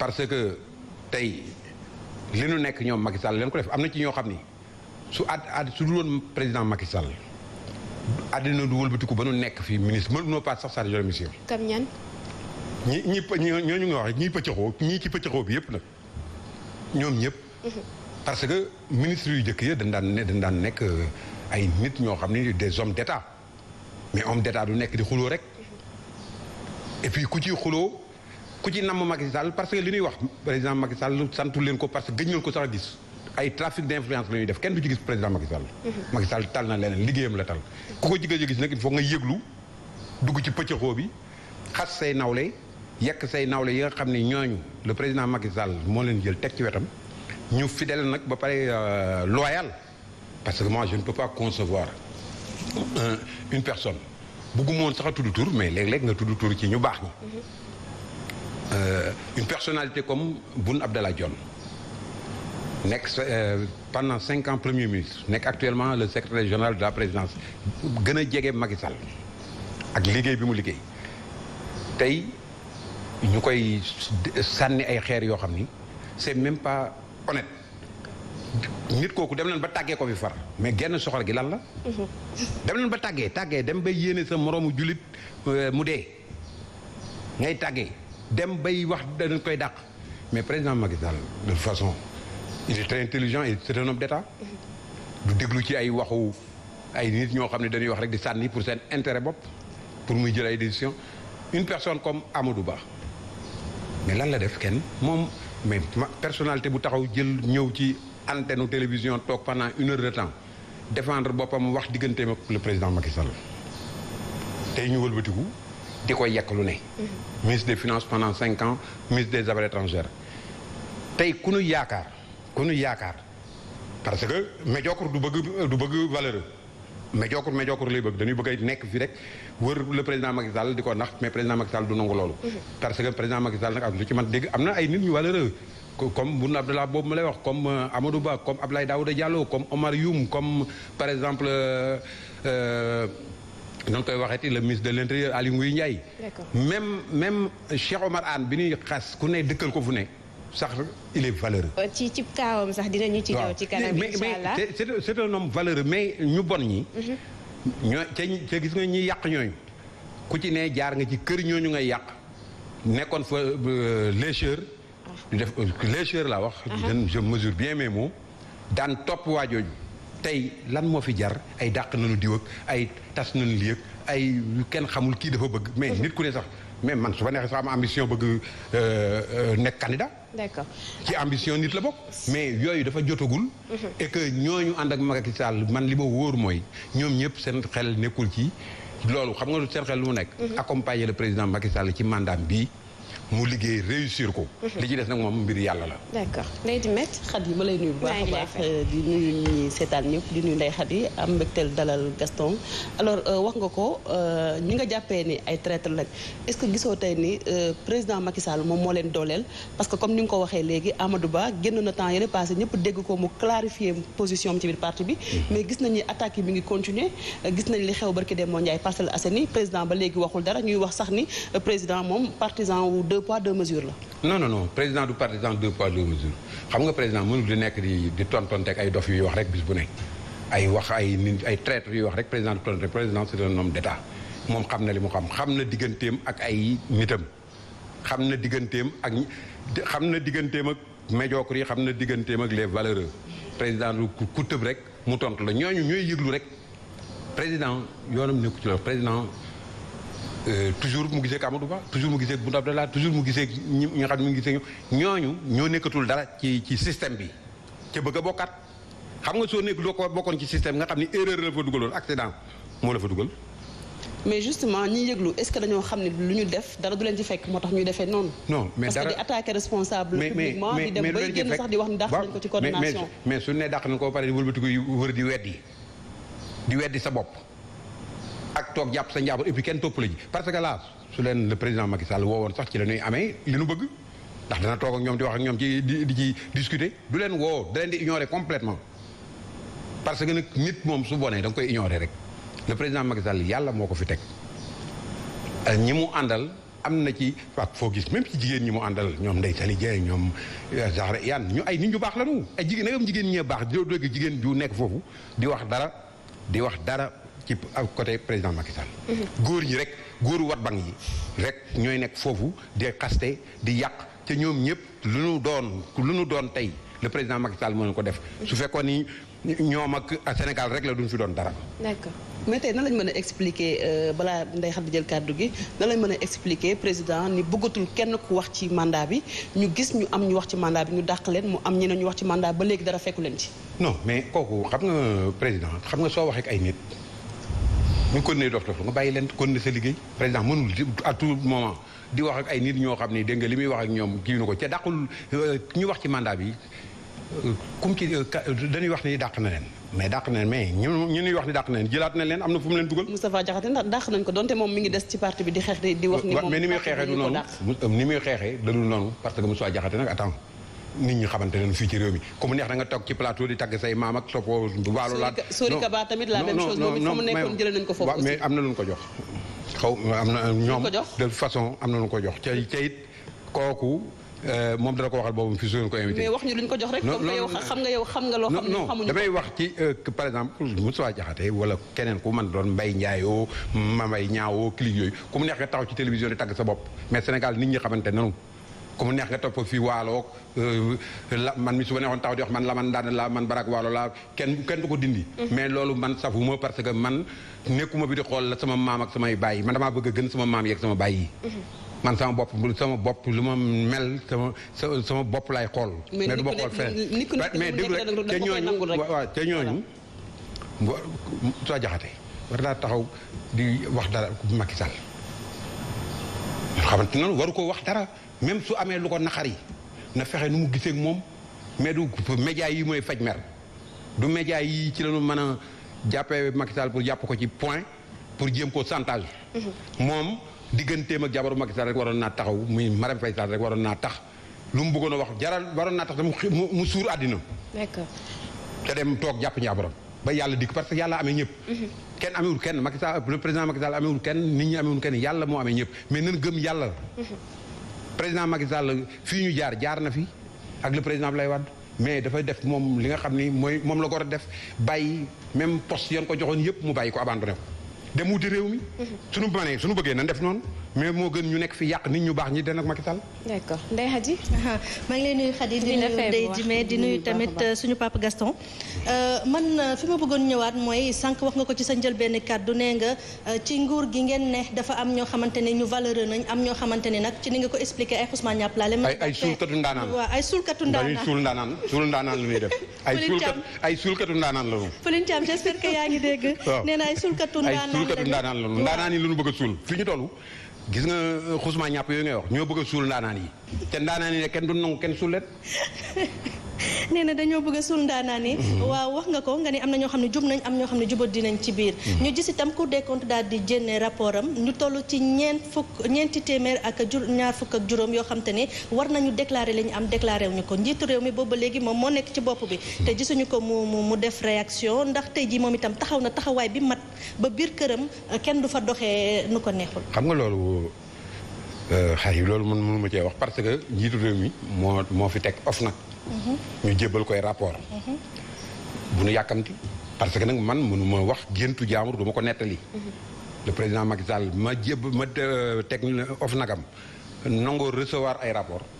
parce que tey li nu nekk ñoom Macky Sall leen ko def am na ci ñoo xam ni su at at su dul woon président Macky Sall àddina du wëlbatiku ba nu nekk fii ministre mënu noo pas sax chargé de mission. kam ñan. ñi ñi ñu nga wax ñii pëccëxoo ñii ci pëccëxoo bi yëpp nag ñoom ñëpp. Mhm. parce que ministre yu jëkk ya dañ daan ne dañ daan nekk euh, ay nit ñoo xam ne des hommes d' mais homme d' état du nekk di xuloo rek mhm. et puis ku ci xuloo. ku ci namm Macky Sall parce que li ñuy wax président Macky Sall santu leen ko parce que gëj ko sax gis ay trafic d' influence la ñuy def kenn du ci gis président Macky Sall. tal na leneen liggéeyam la tal. ku ko jigéen gis nag il faut nga yëglu dugg ci pëccëxoo bi xas say nawle yekk say nawle yi nga xam ni ñooñu le président Macky Sall moo leen jël teg ci wetam ñu fidèle nag ba pare euh, loyal parce que moi je ne peux pas concevoir une personne bëgguma woon sax mais léeg-léeg nga tudd tur ci ñu baax ñi. euh, une personnalité comme Boun Abdallah Dionne nekk euh, pendant cinq ans premier ministre nekk actuellement le secrétaire général de la présidence gën a jege Macky Sall ak liggéey bi mu liggéey tey ñu koy sànni ay xeer yoo xam ni c'est même pas honnête nit kooku dem nañ ba tàggee ko fi far mais genn soxor gi lan la. dem nañ ba tàggee tàggee dem ba yéene sa moroomu jullit euh, mu dee ngay tàggee. dem bay wax dañ koy dàq mais président Macky de toute façon il est très intelligent et c'est un homme d'état du déglu ci ay waxu ay nit ñoo xam ne dañuy wax rek di sànni pour seen intérêt bopp pour muy jël ay décision une personne comme Amadou baax mais lan la def kenn moom mais personnalité bu taxaw jël ñëw ci antenne télévision toog pendant une heure de temps défendre boppam wax diggantee ak le président Macky Sall tey ñu wëlbatiku di koy yekk lu ne. Mhm. ministre de finance pendant cinq ans ministre des affaires étrangères tey ku nu yaakaar ku nu yaakaar parce que médiocre du bëgg du bëgg valeureux médiocre médiocre lay bëgg dañuy bëgg nekk fii rek wër le président Macky Sall di ko nax mais président Macky Sall du nangu loolu. Mhm. parce que président Macky Sall nag ak lu ci man dégg am na ay nit ñu valeureux. comme Boun Abdallah boobu ma lay wax comme euh, Amadou Ba comme Abdoulaye Daouda Diallo comme Omar Youm comme par exemple. Euh, euh, na nga koy waxeeti le ministre de l' intérieur Aly Ngouille Ndiaye. même même Cheikh Omar ann bi ñuy xas ku ne dëkkal ko fu ne sax il est valeur euh, ci ci kaawam sax dinañu ci ñëw ci kanam. incha allah mais mais c' ñu bon ñi. Mhm. ñoo ca ca gis nga ñi yàq ñooñu ku ci ne jaar nga ci kër ñooñu ngay yàq nekkoon fa euh, lécheur. Ah. du def euh, lécheur la wax. Ah. je mesure bien mes mots daan topp waa jooju. tey lan moo fi jar ay dàq nañu diw ay tas nañu lii ak ay kenn xamul kii dafa bëgg mais nit ku ne sax mais man su ma neexee sax am ambition bëgg euh, euh, nekk candidat. d'accord ci ambition nit la bokk. mais yooyu dafa jotagul. Mhm. et ñooñu ànd ak Macky man li ma wóor mooy ñoom ñëpp seen xel nekkul ci loolu xam nga seen xel lu mu nekk. Mhm. accompagner le président Macky Sall ci mandat bii mu liggéey réussir ko. Mhm. li ci des nag moom mbir yàlla la. lay di nuyu ñi seetaan ñëpp di nuyu Ndeye xat yi am mbégteel dalal Gaston alors euh, wax nga ko euh, ñi nga jàppee ni ay traître lañ est gisoo tey ni euh, président Macky Sall moom moo leen dooleel parce que comme ni nga ko waxee léegi Amadou Ba génn na temps yële passé ñëpp dégg ko mu clarifier position am ci biir parti bi. Mhm. mais gis nañu attaques yi mi ngi continuer gis nañ li xew barki Demba Ndiaye Parcelles Assainies président ba léegi waxul dara ñuy wax sax ni président moom partisan wu deux poids deux mesures la. non non non président du partisan deux poids deux mesures xam nga président mënul di nekk di di tontonteeg ay dof yuy wax rek bis bu nekk ay wax ay nit ay traître yuy wax rek président du tontonteeg président c'est un homme d'état moom xam na li mu xam xam na digganteem ak ay nitam xam na digganteem ak xam na digganteem ak médiocre yi xam na digganteem ak les valeureux président du ku tëb rek mu tontu la ñooñu ñooy yëglu rek président yoonam nekku ci loolu président. Euh, toujours mu gisee ak Ba toujours mu gisee ak Boun Abdallah toujours mu gisee ak ñi nga xam ne mu gisee ñooñu ñoo nekkatul dara ci système bi ca bëgg a bokkaat xam nga soo nekk doo ko bokkoon ci système nga xam ni erreur la fa dugaloon accident moo la fa dugal. mais justement ñi yëglu est-ce que dañoo xam ne lu ñu def dara du leen ci fekk moo tax ñu defee noonu. non mais dara parce que di attaquer responsable. publiquement di dem bay génn sax di wax ni dàq nañ ko ci coordination mais mais mais suñu nee di sa bopp. ak toog jàpp sa njaabur et puis topp toppale ji parce que là su leen le président Macky Sall woowoon sax ci la ñuy amee li nu bëgg ndax dana toog ak ñoom di wax ak ñoom ci di di ci discuter du leen woo da leen di ignorer complètement parce que nag nit moom su bonee da nga koy ignorer rek le président Macky Sall yàlla moo ko fi teg euh, ñi mu àndal am na ci ak foo gis même ci jigéen ñi mu àndal ñoom Ndeye Saly Dieng ñoom euh, Zahra Iyane ñu ay nit ñu baax la ñu ay jigéen nagam jigéen ñee baax di jigéen ju nekk foofu di wax dara ci côté président Macky Sall. góor ñi rek góoru wat bang yi rek ñooy nekk foofu di xaste di yàq te ñoom ñëpp lu nu doon lu ñu doon tey le président Macky Sall moo ko def su fekkoon ni ñoom ak Sénégal rek la duñ fi doon dara. d'accord metee na nan lañ mën a expliquer euh, balaa nday xam jël kàddu gi nan lañ mën a expliquer président ni bëggatul kenn ku wax ci mandat bi ñu gis ñu am ñu wax ci mandat bi ñu dàq leen mu am ñeneen ñu wax ci mandat ba léegi dara fekku leen ci. non mais kooku xam nga président xam nga soo waxee ay nit ñu continuer dof dof nga bàyyi leen continuer sa liggéey président mënul à tout moment di wax ay nit ñoo xam ni dégg nga li muy wax ak ñoom kii nu ko ca dàqul euh, ñu wax ci mandat bi. kum ki euh, euh, dañuy wax ni dàq na leen mais dàq na leen mais ñu ñu ñuy wax ni dàq na leen jëlaat na leen am na fu mu leen dugal. Moustapha Diakhaté ndax dàq nañ ko donte moom mi ni muy xeexee du noonu parce que Moustapha Diakhaté nag nit ñi xamante ne fii ci réew mi comme neex na nga toog ci plateau di tagg say maam ak soppoo waalo laat Sori Kaba tamit la même chose moom it fa mu nekkoon jëlee nañ ko foofu aussi am na lu ñu ko jox xaw am am na ñu ko jox ca ca it kooku Euh, moom dana ko waxal boobu fi su ngeen ko invité. mais wax ñu luñ ko jox rek. comme que yow xam nga yow xam nga loo xam ne xamuñu damay wax ci euh, par exemple Moussa Diakhaté wala keneen ku mën doon Mbaye Ndiaye oo Mbaye Niang clic yooyu ku mu neex nga taxaw ci télévision di tagg sa bopp mais Sénégal nit ñi xamante nanu ku mu neex nga topp fii waaloog euh, la man mi su ma neexoon taxaw di wax man la man daan la man barak waalo la kenn kenn du ko dindi. Mhm. mais loolu man safuma parce que man nekkuma bi di xool la sama maam ak samay baay man damaa bëgg a gën sama maam yeeg sama baay yi. Mhm. man sama bopp sama bopp lu ma mel sama sama bopp laay xool. mais du ma xool feneen mais dégg rek te ñooñu waaw te ñooñu. soo jaxate war naa taxaw di wax dara bu Macky Sall ñoo xamante noonu waru ko wax dara même su amee lu ko naqari na fexe nu mu gisee moom mais du média yi mooy faj mer du média yi ci lañu mën a jàppee Macky pour jàpp ko ci point pour jéem ko chantage mhm. moom digganteem ak jabaru Macky Sall rek waroon naa taxaw muy Marème Faye Sall rek waroon naa tax lu mu bëggoon a wax jaral waroon naa tax te mu mu suur àddina. d'accord te dem toog jàpp njaabaram ba yàlla dikk parce que yàlla amee ñëpp. Mhm. kenn amewul kenn Macky Sall le président Macky Sall amewul kenn nit ñi amewul kenn yàlla moo ame ñëpp mais nan gëm yàlla. Mhm. président Macky Sall fii ñu jaar jaar na fi ak le président lay Wade mais dafa def moom li nga xam ni mooy moom la war a def bàyyi même poste yoon ko joxoon yëpp mu bàyyi ko abandonné ko. dem wuti réew mi. Mhm. suñu banee suñu bëggee nan def noonu. mais moo gën ñu nekk fi yàq nit ñu baax ñi den ak Macky Sall. d'accord Ndeye Khady. maa ngi lay nuyu Khady di nuyu Ndeye di nuyu tamit euh, suñu papa Gaston. Euh, man euh, fi ma bëggoon ñëwaat mooy sànq wax nga ko ci sa njëlbeen kàddu nee nga ci nguur gi ngeen ne dafa am ñoo xamante ne ñu valeureux nañ am ñoo xamante ne nag ci ni nga ko expliqué ay Ousmane Niapp laale. ay ay suulkatu ndaanaan waaw ay suulkatu ndaanaan dañuy suul ndaanaan suul ndaanaan la ñuy def. ay yaa ngi dégg. waaw nee na ay suulkatu ndaanaan la ñu bëgg suul fi ñu tollu gis nga xusuma euh, ñàpp yooyu ngay wax ñoo bëgg a suul ndaanaan yi te ndaanaan yi ne kenn du nangu kenn suul leen nee na dañoo bëgg a suul ndaanaan yi mhm. waaw wax nga ko nga ni am na ñoo xam ne jub nañ am ñoo xam ne jubal dinañ ci biir mhm. ñu gis itam Cour des comptes daal di jénne rapport am ñu toll ci ñeent fukk ñeenti téeméer ak jur ñaar fukk ak juróom yoo xam te ne war nañu déclaré la ñu am déclaré wuñu ko njiitu réew mi booba léegi moom moo nekk ci bopp bi mhm. te gisuñu ko mu mu def réaction ndax tey jii moom itam taxaw na taxawaay bi mat ba biir këram kenn du fa doxee nu ko neexul xam nga loolu Euh, xay loolu man mënu cee wax parce que njiitu réew mi moo moo fi teg of nag mhm. ñu jébbal koy rapport mhm. bu nu yàkkamti parce que nag man mënu wax géntu jaamur duma ko nettali mhm. le président Macky Sall ma jébb ma euh, teg of nagam nangoo recevoir ay rapport